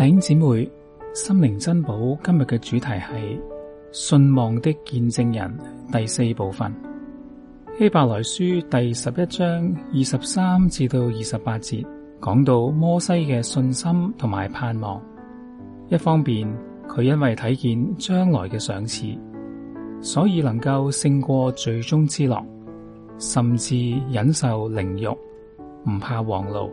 弟兄姊妹，心靈珍寶，今日嘅主題係信望的見證人第四部分。希伯來書第十一章二十三至到二十八節講到摩西嘅信心同埋盼望，一方面佢因為睇見將來嘅賞賜，所以能夠勝過罪中之樂，甚至忍受凌辱，唔怕王怒。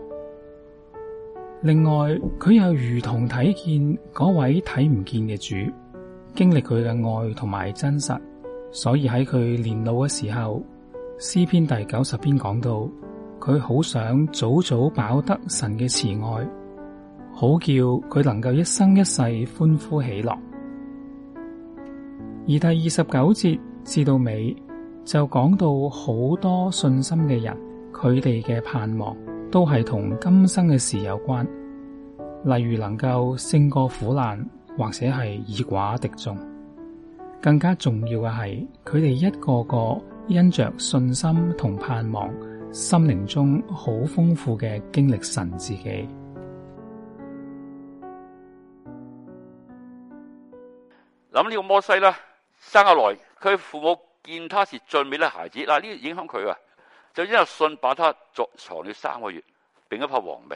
另外，佢又如同睇見嗰位睇唔見嘅主，經歷佢嘅愛同埋真實，所以喺佢年老嘅時候，詩篇第九十篇講到佢好想早早飽得神嘅慈愛，好叫佢能夠一生一世歡呼喜樂。而第二十九節至到尾就講到好多信心嘅人，佢哋嘅盼望，都係同今生嘅事有關，例如能夠勝過苦難，或者係以寡敵眾。更加重要嘅係，佢哋一個一個因着信心同盼望，心靈中好豐富嘅經歷神自己。諗呢個摩西啦，生下來佢父母見他是俊美嘅孩子，嗱呢個影響佢啊。就因為信把他捉藏了三個月，並不怕王命。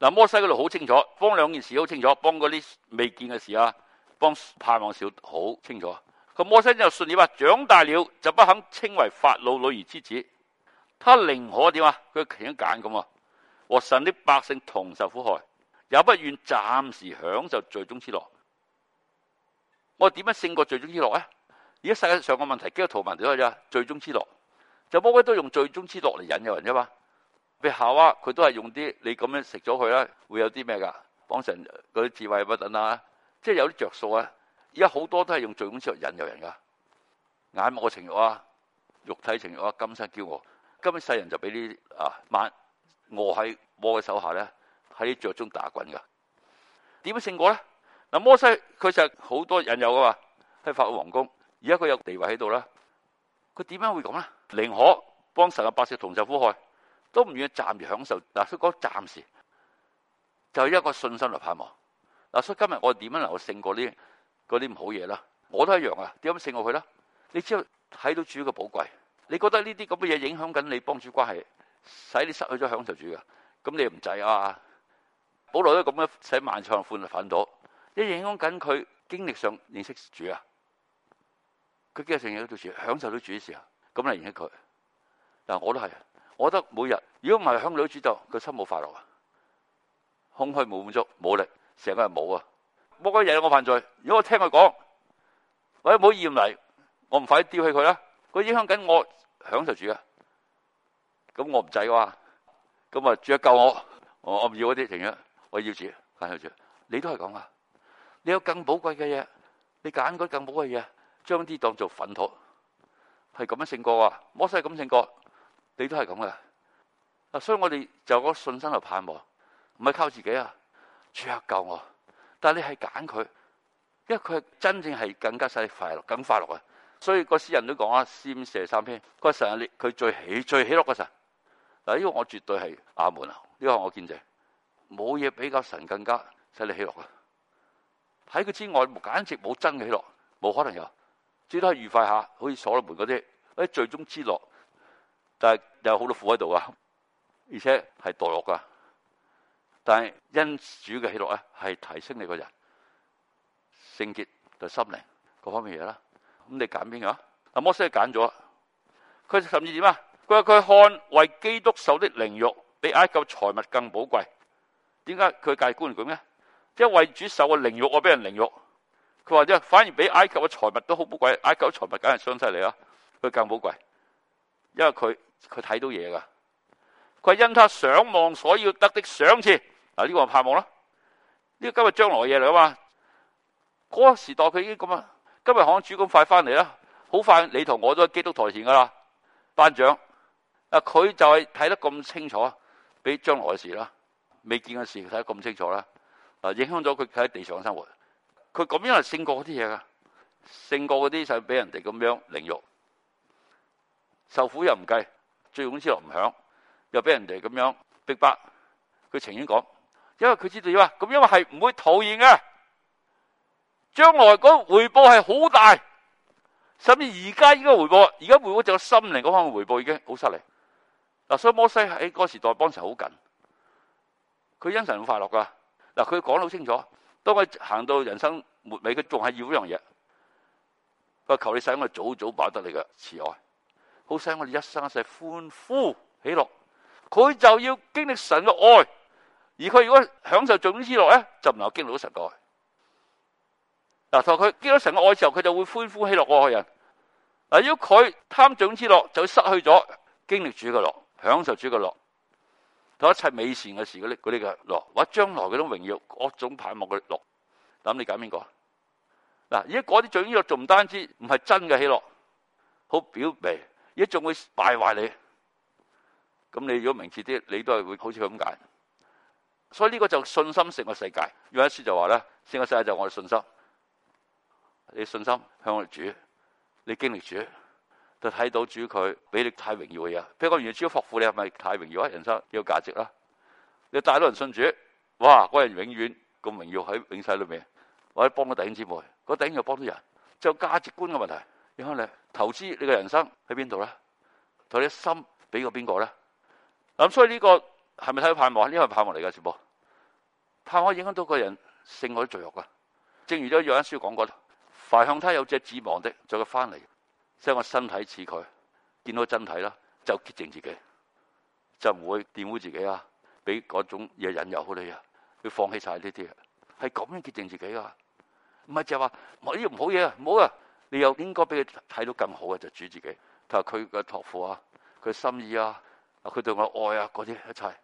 嗱，摩西嗰度好清楚，幫兩件事好清楚，幫嗰啲未見嘅事啊，幫盼望少好清楚。個摩西就信你話，長大了就不肯稱為法老女兒之子，他寧可點啊？佢揀一揀咁啊，和神啲百姓同受苦害，也不願暫時享受罪中之樂。我點樣勝過罪中之樂咧？而家世界上個問題幾個圖文條開咗，罪中之樂。就魔鬼都用罪中之樂嚟引誘人啫嘛，譬如夏娃佢都係用啲你咁樣食咗佢啦，會有啲咩噶？幫神嗰啲智慧乜等啊？即係有啲着數啊！而家好多都係用罪中之樂引誘人噶，眼目嘅情欲啊，肉體情欲啊，今生驕傲，今世人就俾啲啊，萬、呃、餓喺魔嘅手下咧，喺啲罪中打滾噶。點樣勝過咧？嗱，摩西佢就好多引誘噶嘛，喺法老皇宮，而家佢有地位喺度啦。佢點樣會咁啊？寧可幫神嘅百姓同受苦害，都唔願意暫時享受。嗱，所以講暫時就係、是、一個信心嚟盼望。嗱，所以今日我點樣能夠勝過呢啲唔好嘢啦？我都一樣啊！點樣勝過佢啦？你只要睇到主嘅寶貴，你覺得呢啲咁嘅嘢影響緊你幫主關係，使你失去咗享受主嘅，咁你又唔制啊！保羅都咁樣使萬長歡就反倒，你影響緊佢經歷上認識主啊！佢成日都到時享受到主嘅時候，咁嚟迎接佢。但係，我都係，我覺得每日如果唔係享到主就個心冇快樂啊，空虛冇滿足，冇力，成個人冇啊。冇鬼嘢我犯罪，如果我聽佢講，喂，唔好厭嚟，我唔快啲丟棄佢啦。佢影響緊我享受主啊，咁我唔制哇，咁啊主啊救我，我唔要嗰啲，寧願我要主享受主。你都係講啊，你有更寶貴嘅嘢，你揀嗰更寶貴嘅嘢。將啲當做糞土，係咁樣勝過啊！摩西咁勝過，你都係咁嘅。嗱，所以我哋就嗰信心嚟盼望，唔係靠自己啊！主啊，救我！但係你係揀佢，因為佢真正係更加使你快樂，更快樂啊。所以個詩人都講啊，《詩四三篇》，個神啊，你佢最喜、最喜樂個神嗱。呢個我絕對係阿門啊！呢、這個我見證，冇嘢比較神更加使你喜樂啊。喺佢之外，簡直冇真嘅喜樂，冇可能有。最多係愉快下，好似所羅門嗰啲，嗰啲罪中之樂，但係有好多苦喺度噶，而且係墮落噶。但係因主嘅喜樂咧，係提升你個人聖潔同心靈各方面嘢啦。咁你揀邊個？阿摩西揀咗，佢甚至點啊？佢話佢看為基督受的凌辱，比埃及財物更寶貴。點解佢價值觀咁咧？因為為主受嘅凌辱，我俾人凌辱。佢話啫，反而比埃及嘅財物都好寶貴。埃及嘅財物梗係相犀利啦，佢更寶貴，因為佢佢睇到嘢噶。佢因他想望所要得的賞賜，嗱、這、呢個係盼望啦。呢個今日將來嘅嘢嚟噶嘛？嗰個時代佢已經咁啊！今日行主咁快翻嚟啦，好快你同我都喺基督台前噶啦，班長。啊，佢就係睇得咁清楚，俾將來嘅事啦，未見嘅事佢睇得咁清楚啦。啊，影響咗佢喺地上生活。佢咁樣係勝過嗰啲嘢啊，勝過嗰啲就俾人哋咁樣凌辱，受苦又唔計，罪中之樂唔享，又俾人哋咁樣逼迫。佢情願講，因為佢知道啊，咁因為係唔會討厭嘅，將來嗰回報係好大，甚至而家呢個回報，而家回報就心靈嗰方面回報已經好犀利。嗱，所以摩西喺嗰個時代幫神好緊，佢欣神好快樂噶。嗱，佢講得好清楚。當佢行到人生末尾，佢仲係要呢樣嘢。佢，求你使我早早飽得你嘅慈愛，好使我哋一生一世歡呼喜樂。佢就要經歷神嘅愛，而佢如果享受罪中之樂咧，就唔能夠經歷到神愛。嗱，同佢經歷到神嘅愛嘅時候，佢就會歡呼喜樂嗰個人。嗱，如果佢貪罪中樂，就失去咗經歷主嘅樂，享受主嘅樂。同一切美善嘅事嗰啲啲嘅樂，或者將來嗰種榮耀、各種盼望嘅樂，咁你揀邊個？嗱，而家嗰啲獎約仲唔單止唔係真嘅喜樂，好表皮，而家仲會敗壞你。咁你如果明智啲，你都係會好似咁解。所以呢個就信心成個世界，有一說就話咧，成個世界就係我嘅信心。你信心向住主，你經歷主。就睇到主佢俾你太榮耀嘅嘢，譬如講，原來主服苦，你係咪太榮耀啊？人生要有價值啦。你帶到人信主，哇！嗰人永遠咁榮耀喺永世裏面，或者幫個弟兄姊妹，嗰弟兄又幫到人，就有價值觀嘅問題。然後你投資你嘅人生喺邊度咧？同你心俾過邊個咧？咁所以呢、呢個係咪睇到盼望？因為盼望嚟噶，主僕盼望影響到個人性或者罪惡噶。正如咗約翰書講過，凡向他有隻指望的，就佢翻嚟。即係我身體似佢，見到真體啦，就潔淨自己，就唔會玷污自己啊！俾嗰種嘢引誘好你啊，要放棄晒呢啲啊，係咁樣潔淨自己噶，唔係就話唔好唔好嘢啊，唔好啊！你又應該俾佢睇到更好嘅，就是、主自己，睇下佢嘅託付啊，佢心意啊，啊佢對我愛啊嗰啲一切啊，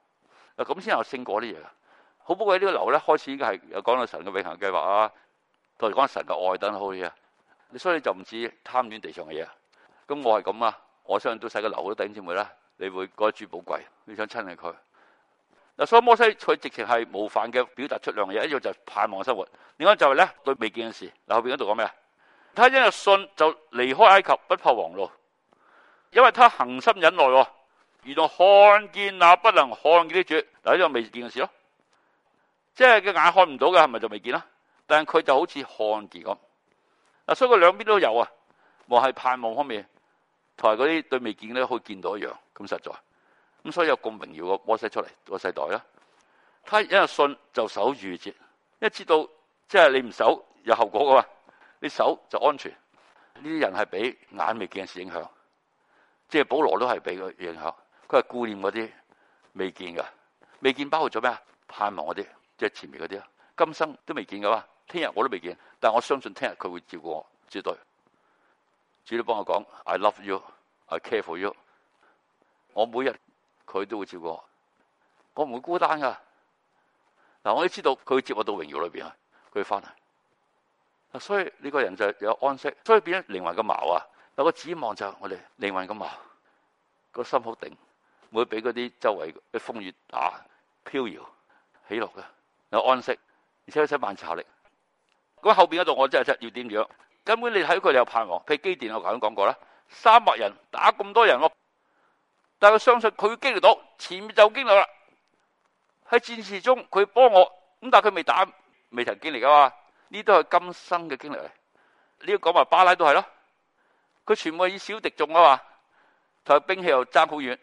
咁先有勝過啲嘢噶。好不好？呢個樓咧，開始已經係又講到神嘅永恒計劃啊，到時講神嘅愛等好可以啊。所以就唔似貪戀地上嘅嘢，咁我係咁啊！我相信到世嘅樓嗰啲先兄啦。你會覺得主寶貴，你想親近佢。嗱，所以摩西佢直情係模範嘅，表達出兩樣嘢，一樣就盼望生活。另外就係咧對未見嘅事。嗱，後邊嗰度講咩啊？他因為信就離開埃及，不怕王怒咯，因為他恆心忍耐喎，如同看見那不能看見的主。嗱，呢個未見嘅事咯，即係佢眼看唔到嘅，係咪就未見啦？但係佢就好似看見咁。嗱、啊，所以佢兩邊都有啊，望係盼望方面，同埋嗰啲對未見咧，可以見到一樣咁實在。咁所以有咁榮耀個摩西出嚟個世代啦。他一係信就守逾越節，一知道即係你唔守有後果噶嘛。你守就安全。呢啲人係俾眼未見嘅事影響，即係保羅都係俾佢影響。佢係顧念嗰啲未見噶，未見包括咗咩啊？盼望嗰啲，即係前面嗰啲啊，今生都未見噶嘛。聽日我都未見，但我相信聽日佢會照顧我，絕對主你幫我講。I love you，I care for you。我每日佢都會照顧我，我唔會孤單噶。嗱，我都知道佢會接我到榮耀裏邊啊，佢會翻嚟啊，所以呢、這個人就有安息，所以變咗靈魂嘅錨啊。嗱，個指望就係我哋靈魂嘅錨，那個心好定，唔會俾嗰啲周圍嘅風雨打飄搖起落嘅，有安息，而且有啲萬察力。如果後邊嗰度我真係真要點樣？根本你睇佢哋有盼望，譬如基甸，我頭先講過啦，三百人打咁多人，但係佢相信佢經歷到，前面就經歷啦。喺戰事中佢幫我，咁但係佢未打，未曾經歷噶嘛。呢都係今生嘅經歷嚟。呢講埋巴拉都係咯，佢全部以少敵眾啊嘛，同兵器又爭好遠。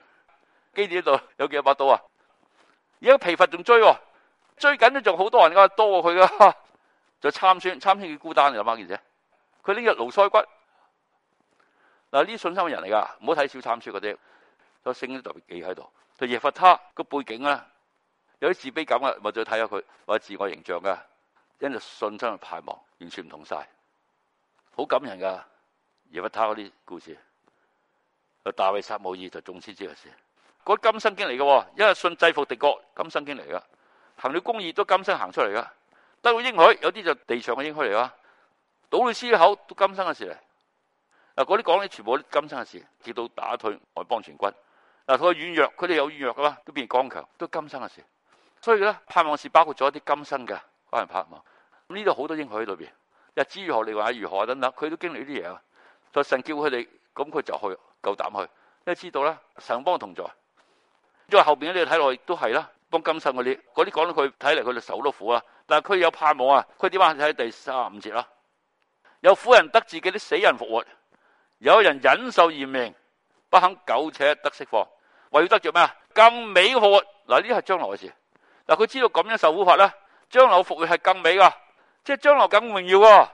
基甸呢度有幾多把刀啊？而家疲乏仲追喎，追緊都仲好多人噶，多過佢噶。就，參孫，參孫佢孤單嘅咁樣嘅事，佢呢個驢腮骨嗱，呢信心嘅人嚟噶，唔好睇小參孫嗰啲，就聖經特別記喺度。就耶弗他個背景咧，有啲自卑感啊，咪再睇下佢，或者自我形象嘅，因就信心嘅盼望，完全唔同晒。好感人噶耶弗他嗰啲故事，就是、大衛撒母耳就眾先知嘅事，嗰金生經嚟嘅，因為信制服敵國，金生經嚟嘅，行了公義都金生行出嚟嘅。得到應許，有啲就地上嘅應許嚟啊。堵到獅口，都今生嘅事嚟嗱。嗰啲講咧，全部都今生嘅事，直到打退外邦全軍嗱。佢軟弱，佢哋有軟弱噶啦，都變成剛強，都今生嘅事。所以咧，盼望是包括咗一啲今生嘅。可能盼望咁，呢度好多應許喺裏邊，日子如何，你話如，如何等等，佢都經歷呢啲嘢啊。就神叫佢哋咁，佢就去夠膽去，因為知道咧神幫同在。即係後邊你睇落都係啦，幫今生嗰啲嗰啲講到佢睇嚟，佢就受好多苦啦。但係佢有盼望啊！佢點解啊？睇第三十五節啦，有婦人得自己啲死人復活，有人忍受嚴刑，不肯苟且得釋放，為咗得着咩啊？更美嘅復活嗱，呢係將來嘅事。嗱，佢知道咁樣受苦法咧，將來復活係更美噶，即係將來更榮耀。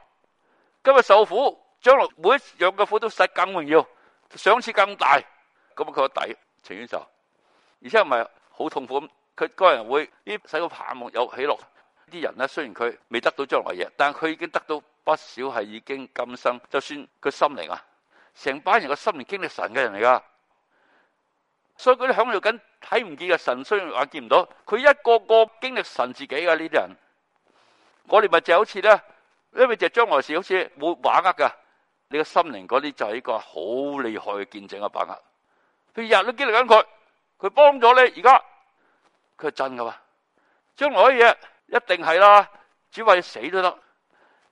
今日受苦，將來每一樣嘅苦都實更榮耀，賞賜更大。咁佢個底情願受，而且唔係好痛苦咁，佢個人會使到盼望有起落。啲人咧，雖然佢未得到將來嘅嘢，但係佢已經得到不少係已經今生。就算佢心靈啊，成班人個心靈經歷神嘅人嚟噶，所以佢哋享受緊睇唔見嘅神。雖然話見唔到，佢一個個經歷神自己噶呢啲人。我哋咪就好似咧，因為就將來事好似冇把握噶。你個心靈嗰啲就係一個好厲害嘅見證嘅把握。佢日都經歷緊佢，佢幫咗你而家，佢係真噶嘛？將來嘅嘢。一定係啦，只為死都得，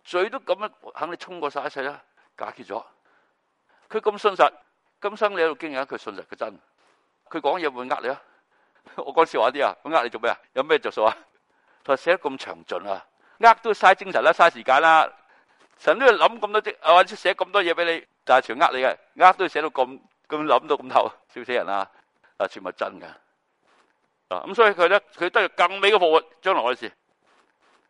罪都咁樣肯你沖過晒一切啦，解決咗。佢咁信實，今生你喺度經歷佢信實嘅真。佢講嘢會呃你啊？我講笑話啲啊，佢呃你做咩啊？有咩着數啊？佢寫得咁詳盡啊，呃都嘥精神啦，嘥時間啦。神都要諗咁多，或者寫咁多嘢俾你，但係全呃你嘅，呃都要寫到咁咁諗到咁透，笑死人啦！啊，全部真噶。啊，咁所以佢咧，佢得咗更美嘅復活，將來嘅事。